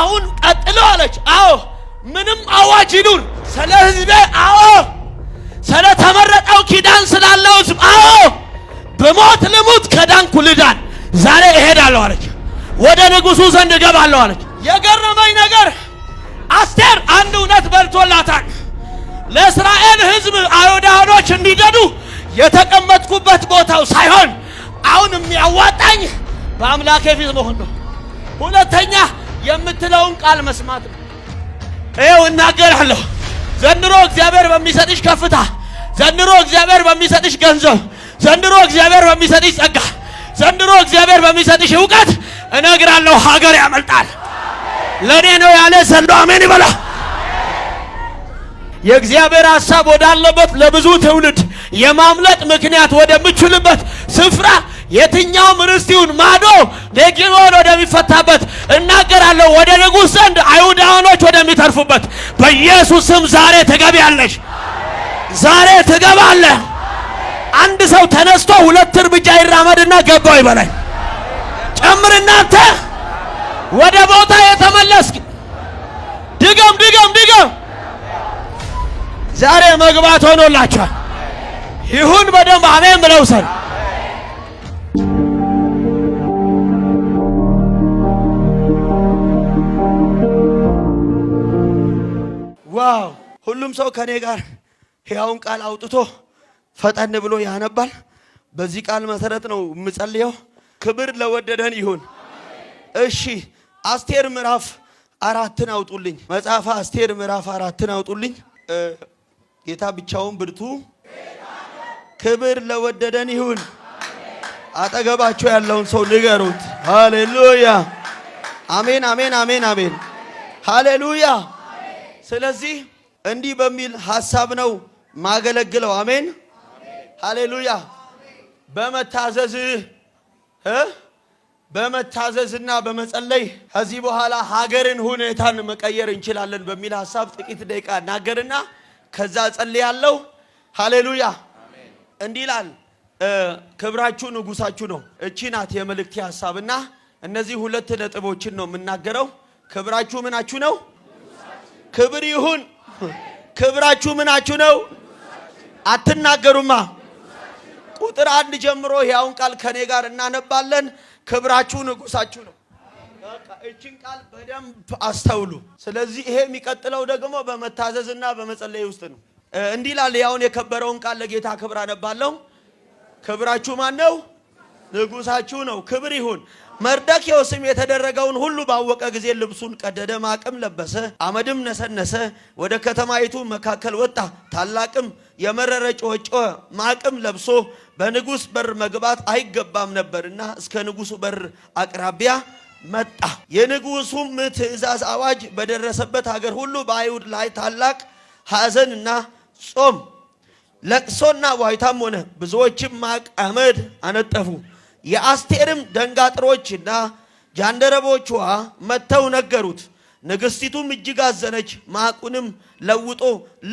አሁን ቀጥሎ አለች። አዎ ምንም አዋጅ ይኑር ስለ ሕዝቤ፣ አዎ ስለ ተመረጠው ኪዳን ስላለው ህዝብ አዎ ብሞት ልሙት ከዳንኩ ልዳን፣ ዛሬ እሄዳለሁ አለች። ወደ ንጉሱ ዘንድ እገባለሁ አለች። የገረመኝ ነገር አስቴር አንድ እውነት በልቶላታል። ለእስራኤል ህዝብ አይሁዳኖች እንዲገዱ የተቀመጥኩበት ቦታው ሳይሆን አሁን የሚያዋጣኝ በአምላኬ ፊት መሆን ነው። ሁለተኛ የምትለውን ቃል መስማት ነው። ይኸው እናገራለሁ። ዘንድሮ እግዚአብሔር በሚሰጥሽ ከፍታ፣ ዘንድሮ እግዚአብሔር በሚሰጥሽ ገንዘብ፣ ዘንድሮ እግዚአብሔር በሚሰጥሽ ጸጋ፣ ዘንድሮ እግዚአብሔር በሚሰጥሽ እውቀት እነግራለሁ፣ ሀገር ያመልጣል። ለእኔ ነው ያለ ሰሎ አሜን ይበላ። የእግዚአብሔር ሐሳብ ወዳለበት ለብዙ ትውልድ የማምለጥ ምክንያት ወደምችልበት ስፍራ የትኛውም ርስት ይሁን ማዶ ሌጌዎን ወደሚፈታበት እናገራለሁ፣ ወደ ንጉሥ ዘንድ አይሁዳውያኖች ወደሚተርፉበት በኢየሱስም ዛሬ ትገቢያለሽ፣ ዛሬ ትገባለህ። አንድ ሰው ተነስቶ ሁለት እርምጃ ይራመድና ገባው ይበላል። ጨምር እናንተ ወደ ቦታ የተመለስክ ድገም፣ ድገም፣ ድገም። ዛሬ መግባት ሆኖላችኋል። ይሁን በደንብ አሜን ብለው ዋው! ሁሉም ሰው ከኔ ጋር ሕያውን ቃል አውጥቶ ፈጠን ብሎ ያነባል። በዚህ ቃል መሰረት ነው የምጸልየው። ክብር ለወደደን ይሁን። እሺ አስቴር ምዕራፍ አራትን አውጡልኝ። መጽሐፈ አስቴር ምዕራፍ አራትን አውጡልኝ። ጌታ ብቻውን ብርቱ። ክብር ለወደደን ይሁን። አጠገባቸው ያለውን ሰው ንገሩት። ሃሌሉያ! አሜን፣ አሜን፣ አሜን፣ አሜን። ሃሌሉያ! ስለዚህ እንዲህ በሚል ሀሳብ ነው ማገለግለው። አሜን ሃሌሉያ። በመታዘዝ በመታዘዝና በመጸለይ ከዚህ በኋላ ሀገርን ሁኔታን መቀየር እንችላለን በሚል ሀሳብ ጥቂት ደቂቃ እናገርና ከዛ ጸልያለሁ። ሃሌሉያ። እንዲህ ይላል፣ ክብራችሁ ንጉሳችሁ ነው። እቺ ናት የመልእክቴ ሀሳብና እነዚህ ሁለት ነጥቦችን ነው የምናገረው። ክብራችሁ ምናችሁ ነው ክብር ይሁን። ክብራችሁ ምናችሁ ነው? አትናገሩማ። ቁጥር አንድ ጀምሮ ያውን ቃል ከኔ ጋር እናነባለን። ክብራችሁ ንጉሳችሁ ነው። እችን ቃል በደንብ አስተውሉ። ስለዚህ ይሄ የሚቀጥለው ደግሞ በመታዘዝ እና በመጸለይ ውስጥ ነው። እንዲህ ላል ያውን የከበረውን ቃል ለጌታ ክብር አነባለሁ። ክብራችሁ ማን ነው? ንጉሳችሁ ነው። ክብር ይሁን። መርደኪዮስም የተደረገውን ሁሉ ባወቀ ጊዜ ልብሱን ቀደደ፣ ማቅም ለበሰ፣ አመድም ነሰነሰ፣ ወደ ከተማይቱ መካከል ወጣ። ታላቅም የመረረ ጮኸ ማቅም ለብሶ በንጉሥ በር መግባት አይገባም ነበርና እስከ ንጉሡ በር አቅራቢያ መጣ። የንጉሡም ትእዛዝ አዋጅ በደረሰበት ሀገር ሁሉ በአይሁድ ላይ ታላቅ ሐዘንና ጾም፣ ለቅሶና ዋይታም ሆነ። ብዙዎችም ማቅ አመድ አነጠፉ። የአስቴርም ደንጋጥሮችና ጃንደረቦቿ መጥተው ነገሩት። ንግሥቲቱም እጅግ አዘነች። ማቁንም ለውጦ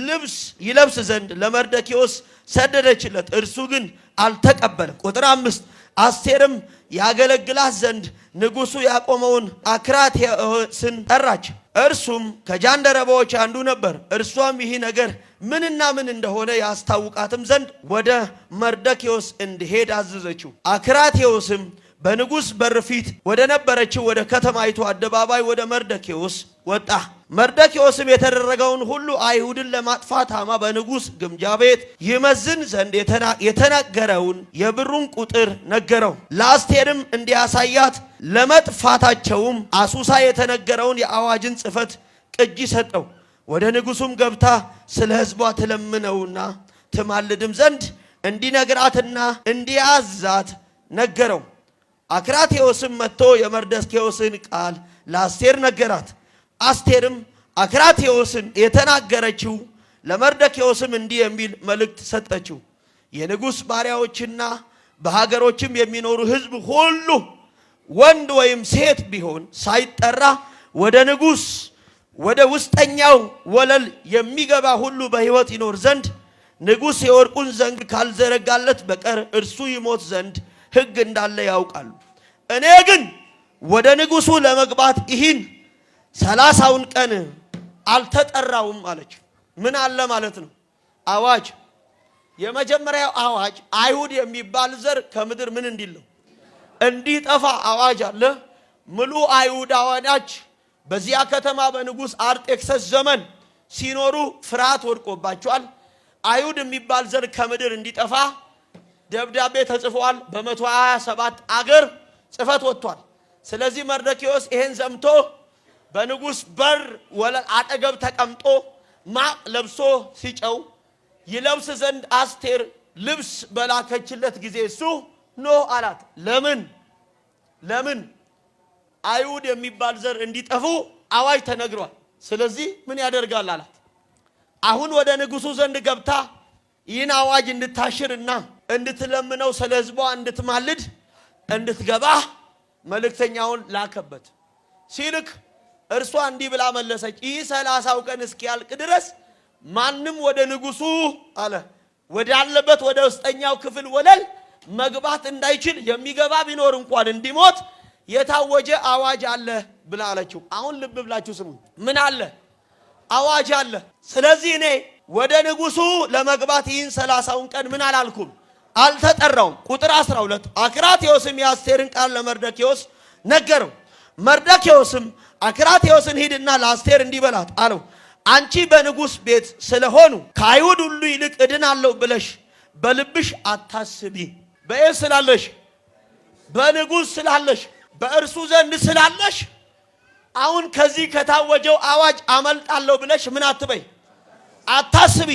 ልብስ ይለብስ ዘንድ ለመርደኪዎስ ሰደደችለት፣ እርሱ ግን አልተቀበለም። ቁጥር አምስት አስቴርም ያገለግላት ዘንድ ንጉሡ ያቆመውን አክራቴዎስን ጠራች። እርሱም ከጃንደረባዎች አንዱ ነበር። እርሷም ይህ ነገር ምንና ምን እንደሆነ ያስታውቃትም ዘንድ ወደ መርደኪዎስ እንዲሄድ አዘዘችው። አክራቴዎስም በንጉሥ በር ፊት ወደ ነበረችው ወደ ከተማይቱ አደባባይ ወደ መርደኪዎስ ወጣ። መርደኪዎስም የተደረገውን ሁሉ አይሁድን ለማጥፋት አማ በንጉሥ ግምጃ ቤት ይመዝን ዘንድ የተናገረውን የብሩን ቁጥር ነገረው። ለአስቴርም እንዲያሳያት ለመጥፋታቸውም አሱሳ የተነገረውን የአዋጅን ጽሕፈት ቅጂ ሰጠው። ወደ ንጉሱም ገብታ ስለ ህዝቧ ትለምነውና ትማልድም ዘንድ እንዲነግራትና እንዲያዛት ነገረው። አክራቴዎስም መጥቶ የመርደስኬዎስን ቃል ለአስቴር ነገራት። አስቴርም አክራቴዎስን የተናገረችው ለመርደኬዎስም እንዲህ የሚል መልእክት ሰጠችው። የንጉሥ ባሪያዎችና በሀገሮችም የሚኖሩ ሕዝብ ሁሉ ወንድ ወይም ሴት ቢሆን ሳይጠራ ወደ ንጉሥ ወደ ውስጠኛው ወለል የሚገባ ሁሉ በሕይወት ይኖር ዘንድ ንጉሥ የወርቁን ዘንግ ካልዘረጋለት በቀር እርሱ ይሞት ዘንድ ሕግ እንዳለ ያውቃሉ። እኔ ግን ወደ ንጉሡ ለመግባት ይህን ሰላሳውን ቀን አልተጠራውም አለች። ምን አለ ማለት ነው? አዋጅ። የመጀመሪያው አዋጅ አይሁድ የሚባል ዘር ከምድር ምን ነው እንዲጠፋ አዋጅ አለ። ምሉ አይሁዳውያን በዚያ ከተማ በንጉሥ አርጤክሰስ ዘመን ሲኖሩ ፍርሃት ወድቆባቸዋል። አይሁድ የሚባል ዘር ከምድር እንዲጠፋ ደብዳቤ ተጽፏል። በመቶ ሃያ ሰባት አገር ጽፈት ወጥቷል። ስለዚህ መርደኪዎስ ይሄን ዘምቶ በንጉሥ በር ወለል አጠገብ ተቀምጦ ማቅ ለብሶ ሲጨው ይለብስ ዘንድ አስቴር ልብስ በላከችለት ጊዜ እሱ ኖ አላት። ለምን ለምን አይሁድ የሚባል ዘር እንዲጠፉ አዋጅ ተነግሯል። ስለዚህ ምን ያደርጋል አላት። አሁን ወደ ንጉሱ ዘንድ ገብታ ይህን አዋጅ እንድታሽርና እንድትለምነው ስለ ህዝቧ እንድትማልድ እንድትገባ መልእክተኛውን ላከበት። ሲልክ እርሷ እንዲህ ብላ መለሰች፣ ይህ ሰላሳው ቀን እስኪያልቅ ድረስ ማንም ወደ ንጉሱ አለ ወዳለበት ወደ ውስጠኛው ክፍል ወለል መግባት እንዳይችል የሚገባ ቢኖር እንኳን እንዲሞት የታወጀ አዋጅ አለ ብላ አለችው። አሁን ልብ ብላችሁ ስሙ። ምን አለ? አዋጅ አለ። ስለዚህ እኔ ወደ ንጉሱ ለመግባት ይህን ሰላሳውን ቀን ምን አላልኩም አልተጠራውም። ቁጥር 12 አክራቴዎስም የአስቴርን ቃል ለመርደኪዎስ ነገረው። መርደኪዎስም አክራቴዎስን ሂድና ለአስቴር እንዲበላት አለው፣ አንቺ በንጉስ ቤት ስለሆኑ ከአይሁድ ሁሉ ይልቅ እድናለሁ ብለሽ በልብሽ አታስቢ። በኤስ ስላለሽ በንጉስ ስላለሽ በእርሱ ዘንድ ስላለሽ አሁን ከዚህ ከታወጀው አዋጅ አመልጣለሁ ብለሽ ምን አትበይ፣ አታስቢ፣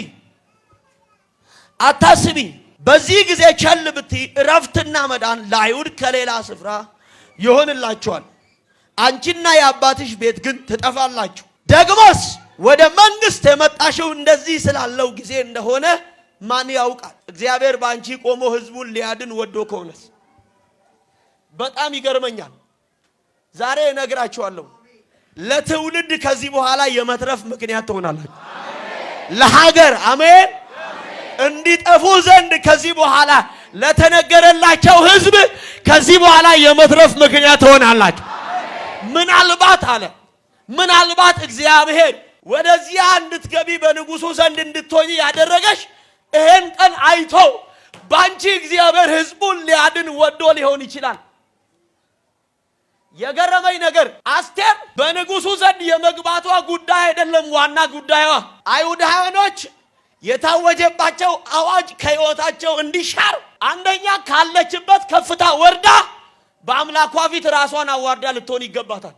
አታስቢ። በዚህ ጊዜ ቸል ብትይ እረፍትና መዳን ለአይሁድ ከሌላ ስፍራ ይሆንላችኋል፣ አንቺና የአባትሽ ቤት ግን ትጠፋላችሁ። ደግሞስ ወደ መንግሥት የመጣሽው እንደዚህ ስላለው ጊዜ እንደሆነ ማን ያውቃል? እግዚአብሔር በአንቺ ቆሞ ሕዝቡን ሊያድን ወዶ ከሆነስ በጣም ይገርመኛል። ዛሬ እነግራችኋለሁ፣ ለትውልድ ከዚህ በኋላ የመትረፍ ምክንያት ትሆናላችሁ። ለሀገር አሜን እንዲጠፉ ዘንድ ከዚህ በኋላ ለተነገረላቸው ሕዝብ ከዚህ በኋላ የመትረፍ ምክንያት ትሆናላችሁ። ምናልባት አለ ምናልባት እግዚአብሔር ወደዚያ እንድትገቢ በንጉሱ ዘንድ እንድትሆኝ ያደረገሽ ይሄን ቀን አይቶ ባንቺ እግዚአብሔር ሕዝቡን ሊያድን ወዶ ሊሆን ይችላል። የገረመኝ ነገር አስቴር በንጉሱ ዘንድ የመግባቷ ጉዳይ አይደለም። ዋና ጉዳይዋ አይሁዳውያኖች የታወጀባቸው አዋጅ ከሕይወታቸው እንዲሻር አንደኛ ካለችበት ከፍታ ወርዳ በአምላኳ ፊት ራሷን አዋርዳ ልትሆን ይገባታል።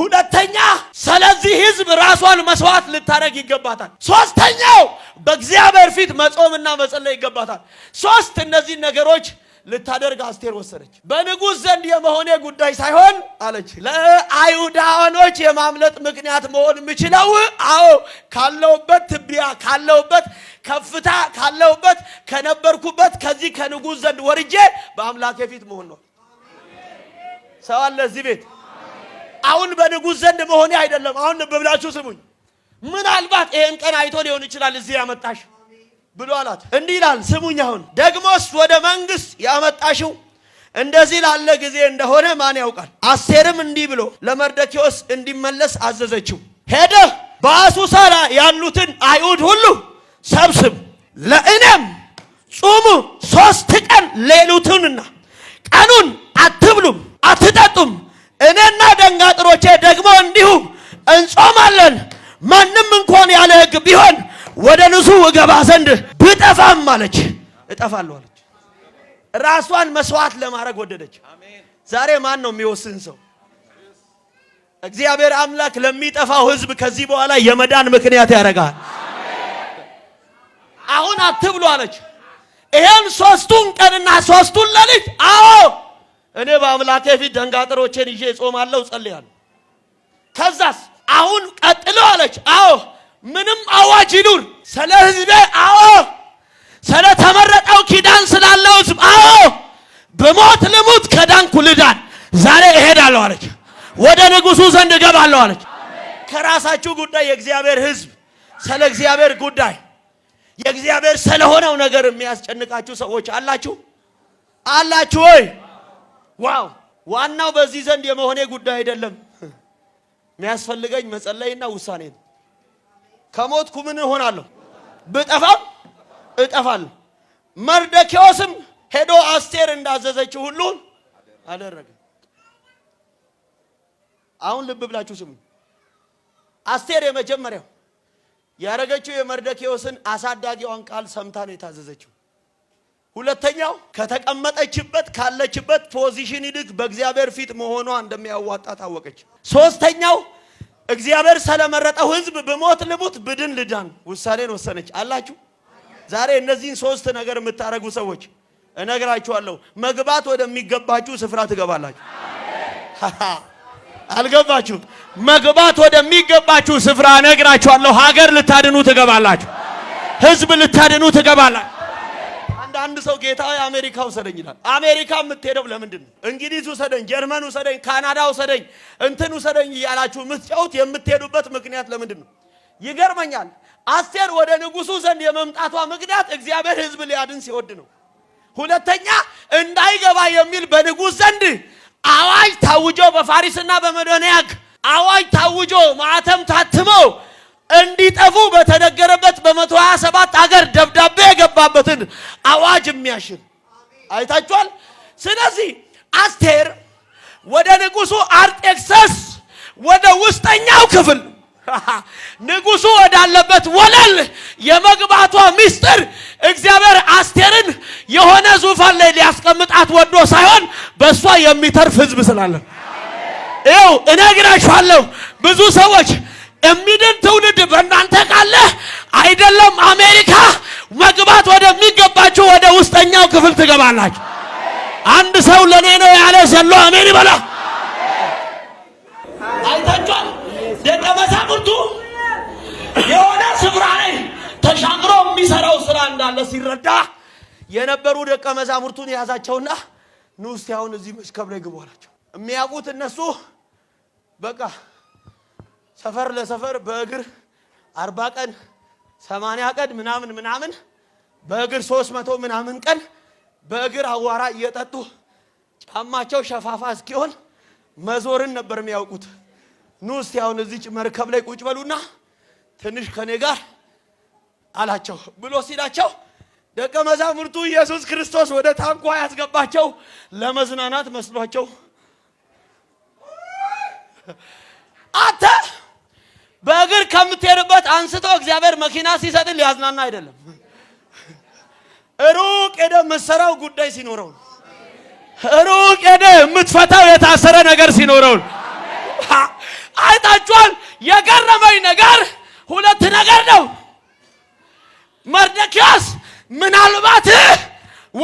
ሁለተኛ ስለዚህ ሕዝብ ራሷን መስዋዕት ልታደርግ ይገባታል። ሶስተኛው በእግዚአብሔር ፊት መጾምና መጸለይ ይገባታል። ሶስት እነዚህ ነገሮች ልታደርግ አስቴር ወሰነች። በንጉሥ ዘንድ የመሆኔ ጉዳይ ሳይሆን አለች ለአይሁዳኖች የማምለጥ ምክንያት መሆን የምችለው አዎ ካለውበት ትቢያ ካለውበት ከፍታ ካለውበት ከነበርኩበት ከዚህ ከንጉሥ ዘንድ ወርጄ በአምላኬ ፊት መሆን ነው። ሰው አለ እዚህ ቤት? አሁን በንጉሥ ዘንድ መሆኔ አይደለም። አሁን ልብ ብላችሁ ስሙኝ። ምናልባት ይሄን ቀን አይቶ ሊሆን ይችላል እዚህ ያመጣሽ ብሎ አላት። እንዲህ ይላል፣ ስሙኝ። አሁን ደግሞስ ወደ መንግስት ያመጣሽው እንደዚህ ላለ ጊዜ እንደሆነ ማን ያውቃል? አስቴርም እንዲህ ብሎ ለመርደኪዎስ እንዲመለስ አዘዘችው። ሄደህ በአሱሳ ያሉትን አይሁድ ሁሉ ሰብስብ፣ ለእኔም ጹሙ፣ ሶስት ቀን ሌሊቱንና ቀኑን አትብሉም አትጠጡም። እኔና ደንጋጥሮቼ ደግሞ እንዲሁ እንጾማለን። ማንም እንኳን ያለ ሕግ ቢሆን ወደ ንሱ እገባ ዘንድ ብጠፋም አለች፣ እጠፋለሁ አለች። ራሷን መስዋዕት ለማድረግ ወደደች። ዛሬ ማን ነው የሚወስን ሰው? እግዚአብሔር አምላክ ለሚጠፋው ሕዝብ ከዚህ በኋላ የመዳን ምክንያት ያደርጋል። አሁን አትብሉ አለች። ይሄን ሶስቱን ቀንና ሶስቱን ሌሊት አዎ እኔ በአምላኬ ፊት ደንጋጥሮቼን ይዤ እጾማለሁ፣ ጸልያለሁ። ከዛስ አሁን ቀጥሎ አለች። አዎ ምንም አዋጅ ይኑር ስለ ህዝቤ፣ አዎ ስለ ተመረጠው ኪዳን ስላለው ህዝብ፣ አዎ ብሞት ልሙት ከዳንኩ ልዳን፣ ዛሬ እሄዳለሁ አለች። ወደ ንጉሱ ዘንድ እገባለሁ አለች። ከራሳችሁ ጉዳይ የእግዚአብሔር ህዝብ ስለ እግዚአብሔር ጉዳይ የእግዚአብሔር ስለሆነው ነገር የሚያስጨንቃችሁ ሰዎች አላችሁ አላችሁ ወይ? ዋው! ዋናው በዚህ ዘንድ የመሆኔ ጉዳይ አይደለም። የሚያስፈልገኝ መጸለይና ውሳኔ ነው። ከሞትኩ ምን እሆናለሁ? ብጠፋም እጠፋለሁ። መርደኪዎስም ሄዶ አስቴር እንዳዘዘችው ሁሉ አደረገ። አሁን ልብ ብላችሁ ስሙ። አስቴር የመጀመሪያው ያደረገችው የመርደኪዎስን አሳዳጊዋን ቃል ሰምታ ነው የታዘዘችው። ሁለተኛው ከተቀመጠችበት ካለችበት ፖዚሽን ይልቅ በእግዚአብሔር ፊት መሆኗ እንደሚያዋጣ ታወቀች። ሶስተኛው እግዚአብሔር ስለመረጠው ህዝብ ብሞት ልሙት ብድን ልዳን ውሳኔን ወሰነች አላችሁ። ዛሬ እነዚህን ሶስት ነገር የምታደርጉ ሰዎች እነግራችኋለሁ፣ መግባት ወደሚገባችሁ ስፍራ ትገባላችሁ። አልገባችሁ? መግባት ወደሚገባችሁ ስፍራ እነግራችኋለሁ፣ ሀገር ልታድኑ ትገባላችሁ። ህዝብ ልታድኑ ትገባላችሁ። አንድ አንድ ሰው ጌታ አሜሪካ ውሰደኝ ይላል። አሜሪካ የምትሄደው ለምንድን ነው? እንግሊዝ ውሰደኝ፣ ጀርመን ውሰደኝ፣ ካናዳ ውሰደኝ፣ እንትን ውሰደኝ እያላችሁ ምትጨውት የምትሄዱበት ምክንያት ለምንድን ነው? ይገርመኛል። አስቴር ወደ ንጉሱ ዘንድ የመምጣቷ ምክንያት እግዚአብሔር ሕዝብ ሊያድን ሲወድ ነው። ሁለተኛ እንዳይገባ የሚል በንጉስ ዘንድ አዋጅ ታውጆ በፋሪስና በመዶንያክ አዋጅ ታውጆ ማዕተም ታትመው እንዲጠፉ በተነገረበት በመቶ ሀያ ሰባት አገር ደብዳቤ የገባበትን አዋጅ የሚያሽል አይታችኋል። ስለዚህ አስቴር ወደ ንጉሱ አርጤክሰስ ወደ ውስጠኛው ክፍል ንጉሱ ወዳለበት ወለል የመግባቷ ምስጢር እግዚአብሔር አስቴርን የሆነ ዙፋን ላይ ሊያስቀምጣት ወዶ ሳይሆን በእሷ የሚተርፍ ሕዝብ ስላለን ይኸው እነግራችኋለሁ ብዙ ሰዎች የሚድን ትውልድ በእናንተ ካለ አይደለም አሜሪካ መግባት ወደሚገባችሁ ወደ ውስጠኛው ክፍል ትገባላችሁ። አንድ ሰው ለእኔ ነው ያለ ዘሎ አሜን ይበላ። አይታችኋል። ደቀ መዛሙርቱ የሆነ ስፍራ ላይ ተሻግሮ የሚሰራው ስራ እንዳለ ሲረዳ የነበሩ ደቀ መዛሙርቱን የያዛቸውና ኑ እስቲ አሁን እዚህ መሽከብ ላይ ግቡ አላቸው። የሚያውቁት እነሱ በቃ ሰፈር ለሰፈር በእግር አርባ ቀን ሰማንያ ቀን ምናምን ምናምን በእግር ሶስት መቶ ምናምን ቀን በእግር አዋራ እየጠጡ ጫማቸው ሸፋፋ እስኪሆን መዞርን ነበር የሚያውቁት። ኑ እስቲ አሁን እዚች መርከብ ላይ ቁጭ በሉና ትንሽ ከኔ ጋር አላቸው ብሎ ሲላቸው ደቀ መዛሙርቱ ኢየሱስ ክርስቶስ ወደ ታንኳ ያስገባቸው ለመዝናናት መስሏቸው አተ በእግር ከምትሄድበት አንስቶ እግዚአብሔር መኪና ሲሰጥ ሊያዝናና አይደለም። ሩቅ ሄደ መሰራው ጉዳይ ሲኖረው፣ ሩቅ ሄደ የምትፈታው የታሰረ ነገር ሲኖረው። አይታችኋል። የገረመኝ ነገር ሁለት ነገር ነው። መርደኪያስ ምናልባት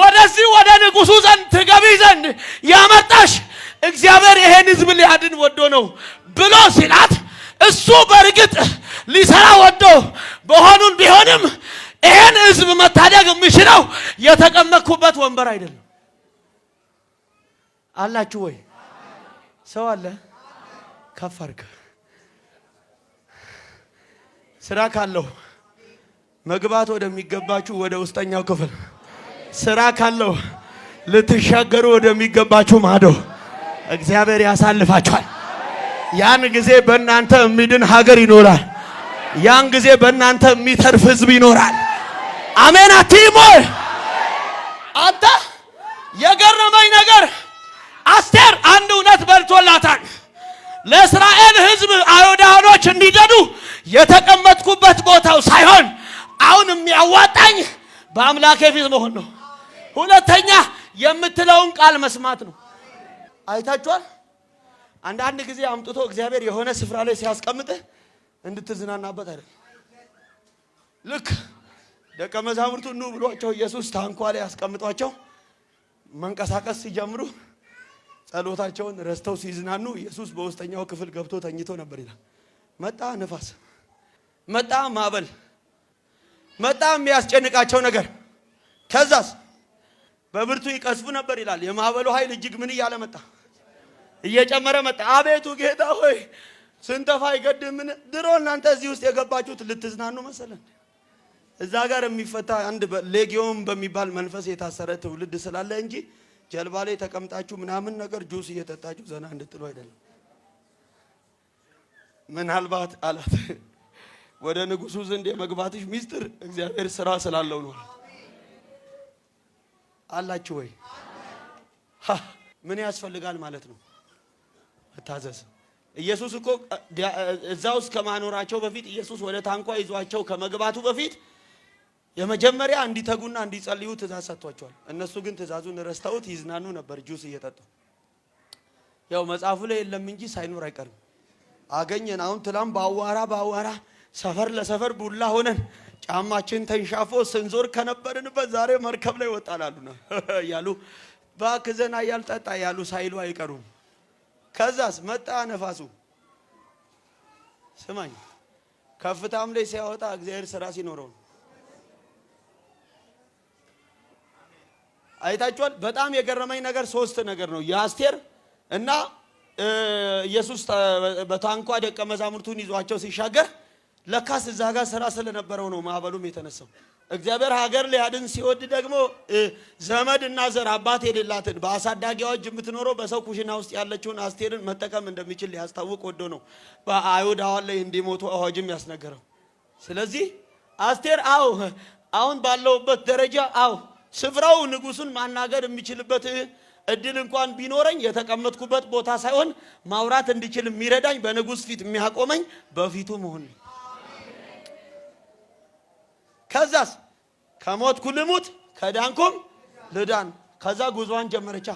ወደዚህ ወደ ንጉሱ ዘንድ ትገቢ ዘንድ ያመጣሽ እግዚአብሔር ይሄን ሕዝብ ሊያድን ወዶ ነው ብሎ ሲላት እሱ በእርግጥ ሊሰራ ወዶ በሆኑን ቢሆንም ይሄን ህዝብ መታደግ የሚችለው የተቀመጥኩበት ወንበር አይደለም። አላችሁ ወይ? ሰው አለ። ከፍ ስራ ካለው መግባት ወደሚገባችሁ ወደ ውስጠኛው ክፍል፣ ስራ ካለው ልትሻገሩ ወደሚገባችሁ ማዶ እግዚአብሔር ያሳልፋችኋል። ያን ጊዜ በእናንተ የሚድን ሀገር ይኖራል። ያን ጊዜ በእናንተ የሚተርፍ ህዝብ ይኖራል። አሜን አቲሞ አንተ የገረመኝ ነገር አስቴር አንድ እውነት በልቶላታል። ለእስራኤል ህዝብ አይሁዳኖች እንዲደዱ የተቀመጥኩበት ቦታው ሳይሆን አሁን የሚያዋጣኝ በአምላኬ ፊት መሆን ነው። ሁለተኛ የምትለውን ቃል መስማት ነው። አይታችኋል። አንዳንድ ጊዜ አምጥቶ እግዚአብሔር የሆነ ስፍራ ላይ ሲያስቀምጥህ እንድትዝናናበት አይደል? ልክ ደቀ መዛሙርቱ ኑ ብሏቸው ኢየሱስ ታንኳ ላይ ያስቀምጧቸው መንቀሳቀስ ሲጀምሩ ጸሎታቸውን ረስተው ሲዝናኑ ኢየሱስ በውስጠኛው ክፍል ገብቶ ተኝቶ ነበር ይላል። መጣ ንፋስ፣ መጣ ማዕበል፣ መጣ የሚያስጨንቃቸው ነገር። ከዛስ በብርቱ ይቀስፉ ነበር ይላል። የማዕበሉ ኃይል እጅግ ምን እያለ መጣ እየጨመረ መጣ። አቤቱ ጌታ ሆይ ስንተፋ አይገድምን? ድሮ እናንተ እዚህ ውስጥ የገባችሁት ልትዝናኑ መሰለን። እዛ ጋር የሚፈታ አንድ ሌጊዮን በሚባል መንፈስ የታሰረ ትውልድ ስላለ እንጂ ጀልባ ላይ ተቀምጣችሁ ምናምን ነገር ጁስ እየጠጣችሁ ዘና እንድትሉ አይደለም። ምናልባት አላት ወደ ንጉሱ ዘንድ የመግባትሽ ሚስጥር እግዚአብሔር ስራ ስላለው ነው አላችሁ ወይ? ምን ያስፈልጋል ማለት ነው እታዘዝ። ኢየሱስ እኮ እዛ ውስጥ ከማኖራቸው በፊት ኢየሱስ ወደ ታንኳ ይዟቸው ከመግባቱ በፊት የመጀመሪያ እንዲተጉና እንዲጸልዩ ትእዛዝ ሰጥቷቸዋል። እነሱ ግን ትእዛዙን ረስተውት ይዝናኑ ነበር ጁስ እየጠጡ። ያው መጽሐፉ ላይ የለም እንጂ ሳይኖር አይቀርም። አገኘን። አሁን ትላም በአዋራ በአዋራ ሰፈር ለሰፈር ቡላ ሆነን ጫማችን ተንሻፎ ስንዞር ከነበርንበት ዛሬ መርከብ ላይ ወጣላሉና እያሉ ባክዘና እያልጠጣ ያሉ ሳይሉ አይቀሩም። ከዛስ መጣ ነፋሱ። ስማኝ፣ ከፍታም ላይ ሲያወጣ እግዚአብሔር ስራ ሲኖረው አይታችኋል። በጣም የገረመኝ ነገር ሶስት ነገር ነው። የአስቴር እና ኢየሱስ በታንኳ ደቀ መዛሙርቱን ይዟቸው ሲሻገር ለካስ እዛ ጋር ስራ ስለነበረው ነው ማዕበሉም የተነሳው። እግዚአብሔር ሀገር ሊያድን ሲወድ ደግሞ ዘመድ እና ዘር አባት የሌላትን በአሳዳጊዎች የምትኖረው በሰው ኩሽና ውስጥ ያለችውን አስቴርን መጠቀም እንደሚችል ሊያስታውቅ ወዶ ነው በአይሁድ ላይ እንዲሞቱ አዋጅም ያስነገረው። ስለዚህ አስቴር አው አሁን ባለውበት ደረጃ አው ስፍራው ንጉሱን ማናገር የሚችልበት እድል እንኳን ቢኖረኝ የተቀመጥኩበት ቦታ ሳይሆን ማውራት እንዲችል የሚረዳኝ በንጉስ ፊት የሚያቆመኝ በፊቱ መሆን ነው። ከዛስ ከሞትኩ ልሙት ከዳንኩም ልዳን። ከዛ ጉዞዋን ጀመረቻ።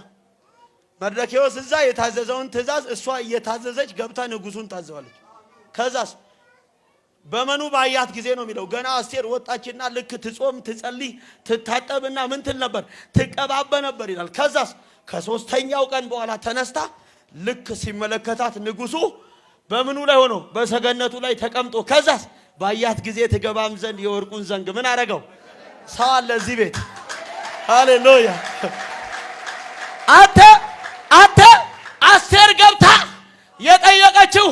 መርደኪዎስ እዛ የታዘዘውን ትእዛዝ እሷ እየታዘዘች ገብታ ንጉሱን ታዘዋለች። ከዛስ በመኑ ባያት ጊዜ ነው የሚለው። ገና አስቴር ወጣችና ልክ ትጾም ትጸልይ ትታጠብና ምን ትል ነበር ትቀባበ ነበር ይላል። ከዛስ ከሶስተኛው ቀን በኋላ ተነስታ ልክ ሲመለከታት ንጉሱ በምኑ ላይ ሆኖ በሰገነቱ ላይ ተቀምጦ ከዛስ ባያት ጊዜ ትገባም ዘንድ የወርቁን ዘንግ ምን አረገው ሰው አለ እዚህ ቤት። ሃሌሉያ! አንተ አንተ አስቴር ገብታ የጠየቀችው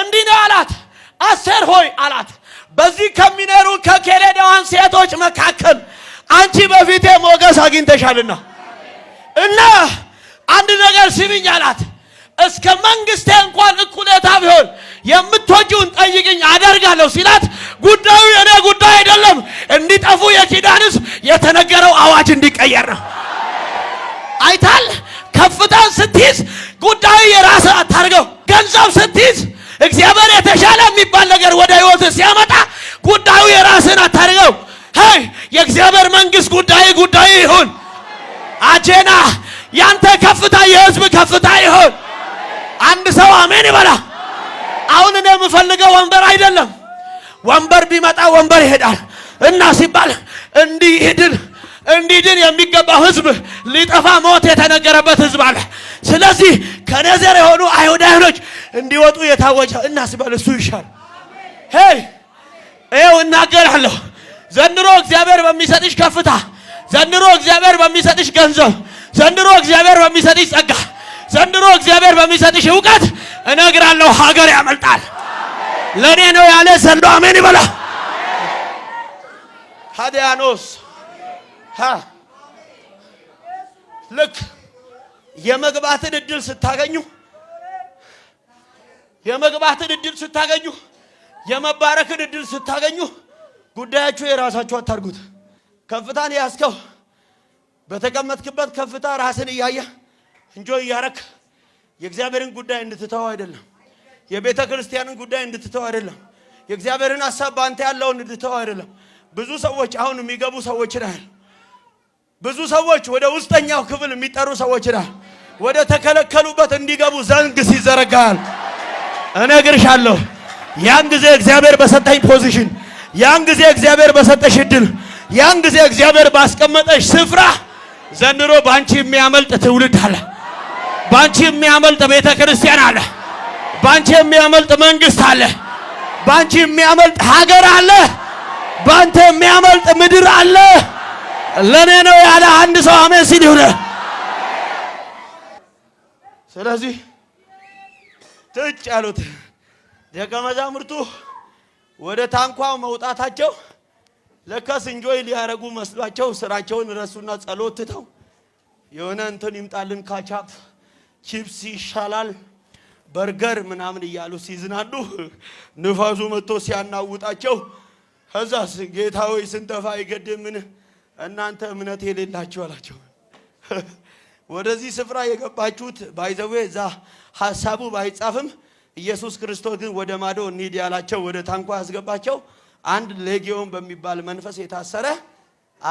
እንዲህ ነው አላት። አስቴር ሆይ አላት፣ በዚህ ከሚኖሩ ከኬሌዳውያን ሴቶች መካከል አንቺ በፊቴ ሞገስ አግኝተሻልና እና አንድ ነገር ስሚኝ አላት። እስከ መንግስቴ እንኳን እኩሌታ ቢሆን የምትወጂውን ጠይቅኝ አደርጋለሁ ሲላት ጉዳዩ የኔ ጉዳይ አይደለም፣ እንዲጠፉ የኪዳንስ የተነገረው አዋጅ እንዲቀየር ነው። አይታል ከፍታን ስትይዝ ጉዳዩ የራስ አታርገው። ገንዘብ ስትይዝ እግዚአብሔር የተሻለ የሚባል ነገር ወደ ህይወት ሲያመጣ ጉዳዩ የራስን አታርገው። ሀይ የእግዚአብሔር መንግስት ጉዳይ ጉዳይ ይሁን። አጄና ያንተ ከፍታ የህዝብ ከፍታ ይሁን። አንድ ሰው አሜን ይበላ። አሁን እኔ የምፈልገው ወንበር አይደለም። ወንበር ቢመጣ ወንበር ይሄዳል እና ሲባል እንዲድን እንዲድን የሚገባው ህዝብ ሊጠፋ ሞት የተነገረበት ህዝብ አለ። ስለዚህ ከነዘር የሆኑ አይሁዳውያኖች እንዲወጡ የታወጀ እና ሲባል እሱ ይሻል። ሄይ ይኸው እናገራለሁ። ዘንድሮ እግዚአብሔር በሚሰጥሽ ከፍታ፣ ዘንድሮ እግዚአብሔር በሚሰጥሽ ገንዘብ፣ ዘንድሮ እግዚአብሔር በሚሰጥሽ ጸጋ ዘንድሮ እግዚአብሔር በሚሰጥሽ እውቀት እነግራለሁ፣ ሀገር ያመልጣል። ለእኔ ነው ያለ ዘንዶ አሜን ይበላ። ሀዲያኖስ ልክ የመግባትን እድል ስታገኙ የመግባትን እድል ስታገኙ የመባረክን እድል ስታገኙ ጉዳያችሁ የራሳችሁ አታርጉት። ከፍታን ያስከው በተቀመጥክበት ከፍታ ራስን እያየ እንጆይ እያረክ የእግዚአብሔርን ጉዳይ እንድትተው አይደለም። የቤተ ክርስቲያንን ጉዳይ እንድትተው አይደለም። የእግዚአብሔርን ሀሳብ በአንተ ያለውን እንድትተው አይደለም። ብዙ ሰዎች አሁን የሚገቡ ሰዎች ናል። ብዙ ሰዎች ወደ ውስጠኛው ክፍል የሚጠሩ ሰዎች ናል። ወደ ተከለከሉበት እንዲገቡ ዘንግ ሲዘረጋል እነግርሻለሁ። ያን ጊዜ እግዚአብሔር በሰጠኝ ፖዚሽን፣ ያን ጊዜ እግዚአብሔር በሰጠሽ እድል፣ ያን ጊዜ እግዚአብሔር ባስቀመጠሽ ስፍራ ዘንድሮ በአንቺ የሚያመልጥ ትውልድ አለ። ባንቺ የሚያመልጥ ቤተ ክርስቲያን አለ። ባንቺ የሚያመልጥ መንግስት አለ። ባንቺ የሚያመልጥ ሀገር አለ። ባንተ የሚያመልጥ ምድር አለ። ለእኔ ነው ያለ አንድ ሰው አሜን ሲል ይሁን። ስለዚህ ትጭ ያሉት ደቀ መዛሙርቱ ወደ ታንኳ መውጣታቸው ለከስ እንጆይ ሊያረጉ መስሏቸው ስራቸውን ረሱና ጸሎት ትተው የሆነ እንትን ይምጣልን ካቻፕ ቺፕስ ይሻላል በርገር ምናምን እያሉ ሲዝናኑ ንፋሱ መጥቶ ሲያናውጣቸው ከዛስ ጌታ ሆይ ስንተፋ አይገድምን? እናንተ እምነት የሌላችሁ አላቸው። ወደዚህ ስፍራ የገባችሁት ባይዘዌ እዛ ሀሳቡ ባይጻፍም ኢየሱስ ክርስቶስ ግን ወደ ማዶ እንሂድ ያላቸው ወደ ታንኳ ያስገባቸው አንድ ሌጊዮን በሚባል መንፈስ የታሰረ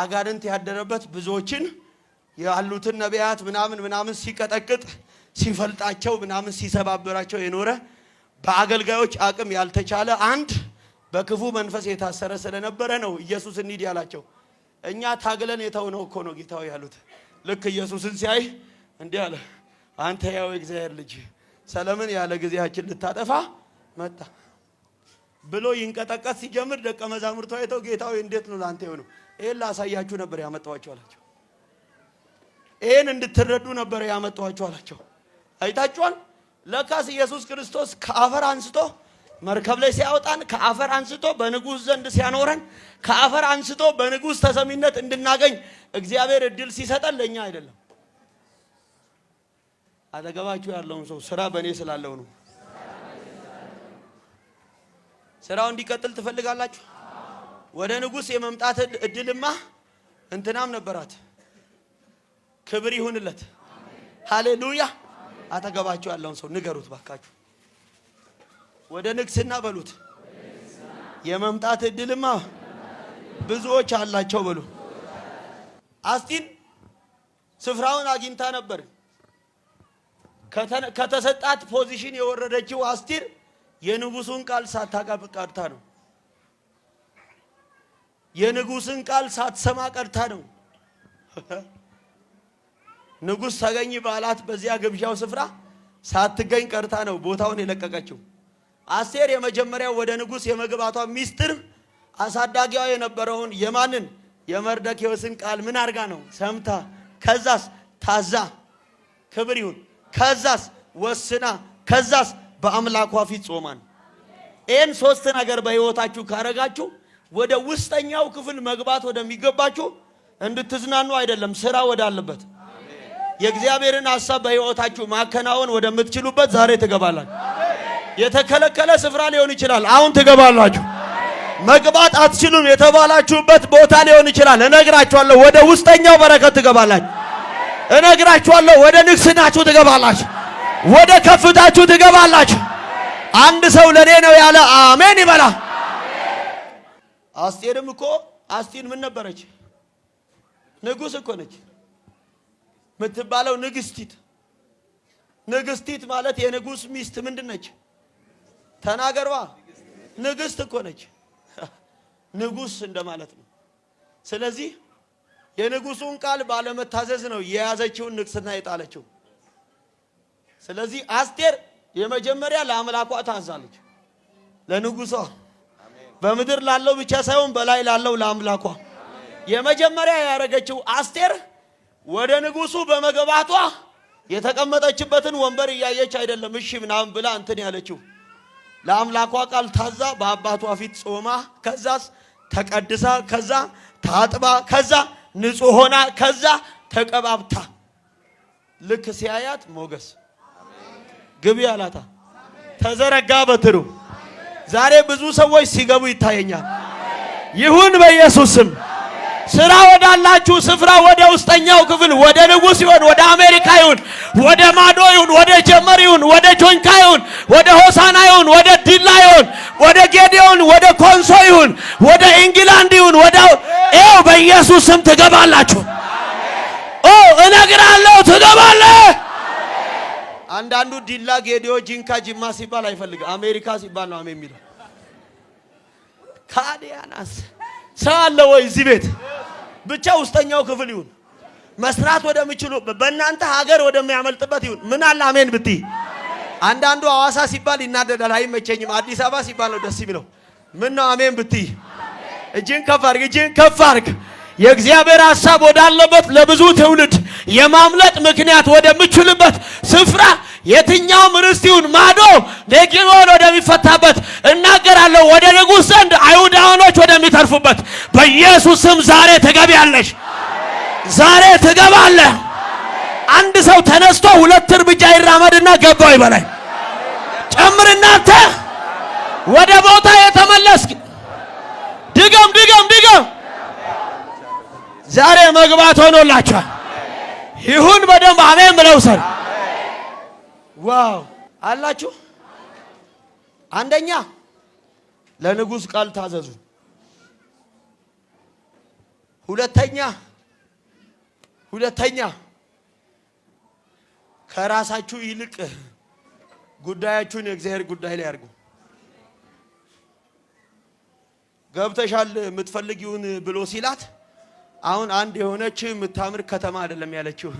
አጋንንት ያደረበት ብዙዎችን ያሉትን ነቢያት ምናምን ምናምን ሲቀጠቅጥ ሲፈልጣቸው ምናምን ሲሰባብራቸው የኖረ በአገልጋዮች አቅም ያልተቻለ አንድ በክፉ መንፈስ የታሰረ ስለነበረ ነው ኢየሱስ እንሂድ ያላቸው። እኛ ታግለን የተውነው እኮ ነው ጌታው ያሉት። ልክ ኢየሱስን ሲያይ እንዲህ አለ፣ አንተ ያው እግዚአብሔር ልጅ ሰለምን ያለ ጊዜያችን ልታጠፋ መጣ ብሎ ይንቀጠቀስ ሲጀምር ደቀ መዛሙርቱ አይተው ጌታዊ እንዴት ነው ለአንተ የሆነው? ይህን ላሳያችሁ ነበር ያመጣኋቸው አላቸው። ይህን እንድትረዱ ነበር ያመጣኋቸው አላቸው። አይታችኋል። ለካስ ኢየሱስ ክርስቶስ ከአፈር አንስቶ መርከብ ላይ ሲያወጣን ከአፈር አንስቶ በንጉሥ ዘንድ ሲያኖረን ከአፈር አንስቶ በንጉሥ ተሰሚነት እንድናገኝ እግዚአብሔር እድል ሲሰጠን ለእኛ አይደለም። አጠገባችሁ ያለውን ሰው ስራ በእኔ ስላለው ነው። ስራው እንዲቀጥል ትፈልጋላችሁ? ወደ ንጉሥ የመምጣት እድልማ እንትናም ነበራት። ክብር ይሁንለት። ሃሌሉያ አጠገባቸው ያለውን ሰው ንገሩት ባካችሁ። ወደ ንግስና በሉት። የመምጣት እድልማ ብዙዎች አላቸው በሉ። አስጢን ስፍራውን አግኝታ ነበር። ከተሰጣት ፖዚሽን የወረደችው አስጢር የንጉሱን ቃል ሳታቀብ ቀርታ ነው። የንጉስን ቃል ሳትሰማ ቀርታ ነው። ንጉሥ ተገኝ ባላት በዚያ ግብዣው ስፍራ ሳትገኝ ቀርታ ነው ቦታውን የለቀቀችው። አስቴር የመጀመሪያው ወደ ንጉሥ የመግባቷ ሚስጥር አሳዳጊዋ የነበረውን የማንን የመርደኪዎስን ቃል ምን አድርጋ ነው ሰምታ፣ ከዛስ ታዛ፣ ክብር ይሁን፣ ከዛስ ወስና፣ ከዛስ በአምላኳ ፊት ጾማን። ይህን ሶስት ነገር በሕይወታችሁ ካረጋችሁ ወደ ውስጠኛው ክፍል መግባት ወደሚገባችሁ እንድትዝናኑ አይደለም ስራ ወዳለበት የእግዚአብሔርን ሐሳብ በሕይወታችሁ ማከናወን ወደምትችሉበት ዛሬ ትገባላችሁ። የተከለከለ ስፍራ ሊሆን ይችላል፣ አሁን ትገባላችሁ። መግባት አትችሉም የተባላችሁበት ቦታ ሊሆን ይችላል። እነግራችኋለሁ፣ ወደ ውስጠኛው በረከት ትገባላችሁ። እነግራችኋለሁ፣ ወደ ንግስናችሁ ትገባላችሁ። ወደ ከፍታችሁ ትገባላችሁ። አንድ ሰው ለኔ ነው ያለ አሜን ይበላ። አስቴርም እኮ አስቲን ምን ነበረች? ንጉስ እኮ ነች። የምትባለው ንግስቲት። ንግስቲት ማለት የንጉስ ሚስት ምንድን ነች? ተናገሯ። ንግስት እኮ ነች፣ ንጉስ እንደማለት ነው። ስለዚህ የንጉሱን ቃል ባለመታዘዝ ነው የያዘችውን ንግስና የጣለችው። ስለዚህ አስቴር የመጀመሪያ ለአምላኳ ታዛለች፣ ለንጉሷ በምድር ላለው ብቻ ሳይሆን በላይ ላለው ለአምላኳ። የመጀመሪያ ያደረገችው አስቴር ወደ ንጉሱ በመግባቷ የተቀመጠችበትን ወንበር እያየች አይደለም እሺ ምናምን ብላ እንትን ያለችው ለአምላኳ ቃል ታዛ በአባቷ ፊት ጾማ ከዛ ተቀድሳ ከዛ ታጥባ ከዛ ንጹህ ሆና ከዛ ተቀባብታ ልክ ሲያያት ሞገስ ግቢ አላታ ተዘረጋ በትሩ። ዛሬ ብዙ ሰዎች ሲገቡ ይታየኛል። ይሁን በኢየሱስ ስም። ስራ ወዳላችሁ ስፍራ ወደ ውስጠኛው ክፍል ወደ ንጉሥ ይሁን ወደ አሜሪካ ይሁን ወደ ማዶ ይሁን ወደ ጀመር ይሁን ወደ ጆንካ ይሁን ወደ ሆሳና ይሁን ወደ ዲላ ይሁን ወደ ጌዲዮን ወደ ኮንሶ ይሁን ወደ ኢንግላንድ ይሁን ወደ ኤው በኢየሱስ ስም ትገባላችሁ። ኦ እነግራለሁ ትገባለህ። አንዳንዱ ዲላ፣ ጌዲዮ፣ ጂንካ፣ ጅማ ሲባል አይፈልግም። አሜሪካ ሲባል ነው አሜን የሚለው። ካዲያናስ ሰው አለ ወይ እዚህ ቤት? ብቻ ውስጠኛው ክፍል ይሁን መስራት ወደሚችሉ በእናንተ ሀገር ወደሚያመልጥበት ይሁን። ምን አለ አሜን ብትይ። አንዳንዱ ሐዋሳ ሲባል ይናደዳል፣ አይመቸኝም። አዲስ አበባ ሲባል ነው ደስ የሚለው። ምን ነው አሜን ብትይ። እጅን ከፍ አድርግ፣ እጅን ከፍ አድርግ። የእግዚአብሔር ሐሳብ ወዳለበት ለብዙ ትውልድ የማምለጥ ምክንያት ወደምችልበት ስፍራ የትኛውም ርስት ይሁን ማዶ ሌጌዎን ወደሚፈታበት እናገራለሁ። ወደ ንጉሥ ዘንድ አይሁዳውኖች ወደሚተርፉበት በኢየሱስ ስም ዛሬ ትገቢያለሽ፣ ዛሬ ትገባለህ። አንድ ሰው ተነስቶ ሁለት እርምጃ ይራመድና ገባው ይበላይ ጨምር እናንተ ወደ ቦታ የተመለስክ ድገም፣ ድገም፣ ድገም ዛሬ መግባት ሆኖላችኋል። ይሁን በደንብ አሜን ብለው ሰር ዋው አላችሁ። አንደኛ ለንጉሥ ቃል ታዘዙ። ሁለተኛ ሁለተኛ ከራሳችሁ ይልቅ ጉዳያችሁን የእግዚአብሔር ጉዳይ ላይ አድርጉ። ገብተሻል የምትፈልጊውን ብሎ ሲላት አሁን አንድ የሆነች የምታምር ከተማ አይደለም ያለችው።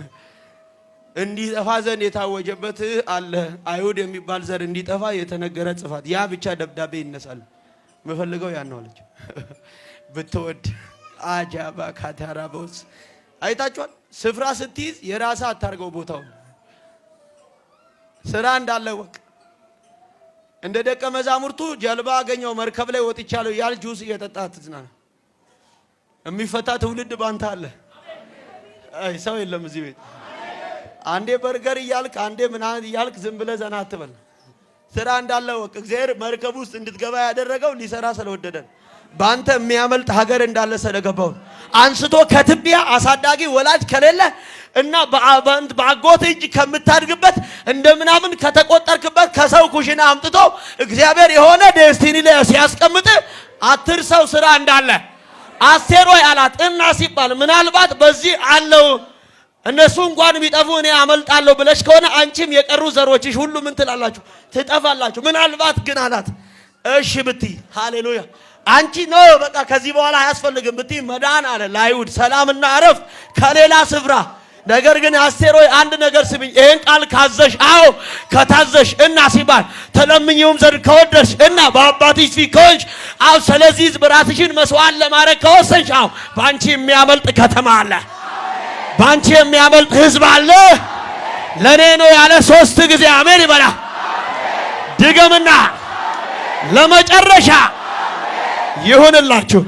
እንዲጠፋ ዘንድ የታወጀበት አለ። አይሁድ የሚባል ዘር እንዲጠፋ የተነገረ ጽፋት፣ ያ ብቻ ደብዳቤ ይነሳል። የምፈልገው ያን ነው አለች። ብትወድ አጃባ ካታራቦስ አይታችኋል። ስፍራ ስትይዝ የራሳ አታርገው ቦታው ስራ እንዳለ ወቅ እንደ ደቀ መዛሙርቱ ጀልባ አገኘው መርከብ ላይ ወጥቻለሁ ያል ጁስ እየጠጣ ትዝናና የሚፈታ ትውልድ ባንተ አለ። አይ ሰው የለም እዚህ ቤት። አንዴ በርገር እያልክ አንዴ ምናምን እያልክ ዝም ብለህ ዘና አትበል። ስራ እንዳለ ወቅ እግዚአብሔር መርከብ ውስጥ እንድትገባ ያደረገው ሊሰራ ስለወደደን በአንተ የሚያመልጥ ሀገር እንዳለ ስለገባው አንስቶ ከትቢያ አሳዳጊ ወላጅ ከሌለ እና በአጎት እጅ ከምታድግበት እንደምናምን ከተቆጠርክበት ከሰው ኩሽና አምጥቶ እግዚአብሔር የሆነ ዴስቲኒ ላይ ሲያስቀምጥ አትርሰው ስራ እንዳለ አስቴር ወይ አላት። እና ሲባል ምናልባት በዚህ አለው እነሱ እንኳን ቢጠፉ እኔ አመልጣለሁ ብለሽ ከሆነ አንቺም የቀሩ ዘሮችሽ ሁሉ ምን ትላላችሁ? ትጠፋላችሁ። ምናልባት ግን አላት እሺ ብትይ፣ ሃሌሉያ አንቺ ነው በቃ ከዚህ በኋላ አያስፈልግም ብትይ፣ መዳን አለ ለአይሁድ ሰላምና እረፍት ከሌላ ስፍራ ነገር ግን አስቴር ሆይ አንድ ነገር ስሚኝ፣ ይህን ቃል ካዘሽ፣ አዎ ከታዘሽ እና ሲባል ተለምኝውም ዘንድ ከወደድሽ እና በአባትሽ ፊት ከሆንሽ፣ አዎ ስለዚህ ብራትሽን መስዋዕት ለማድረግ ከወሰንሽ፣ አዎ በአንቺ የሚያመልጥ ከተማ አለ፣ በአንቺ የሚያመልጥ ህዝብ አለ። ለእኔ ነው ያለ ሶስት ጊዜ አሜን ይበላ። ድገምና ለመጨረሻ ይሁንላችሁ።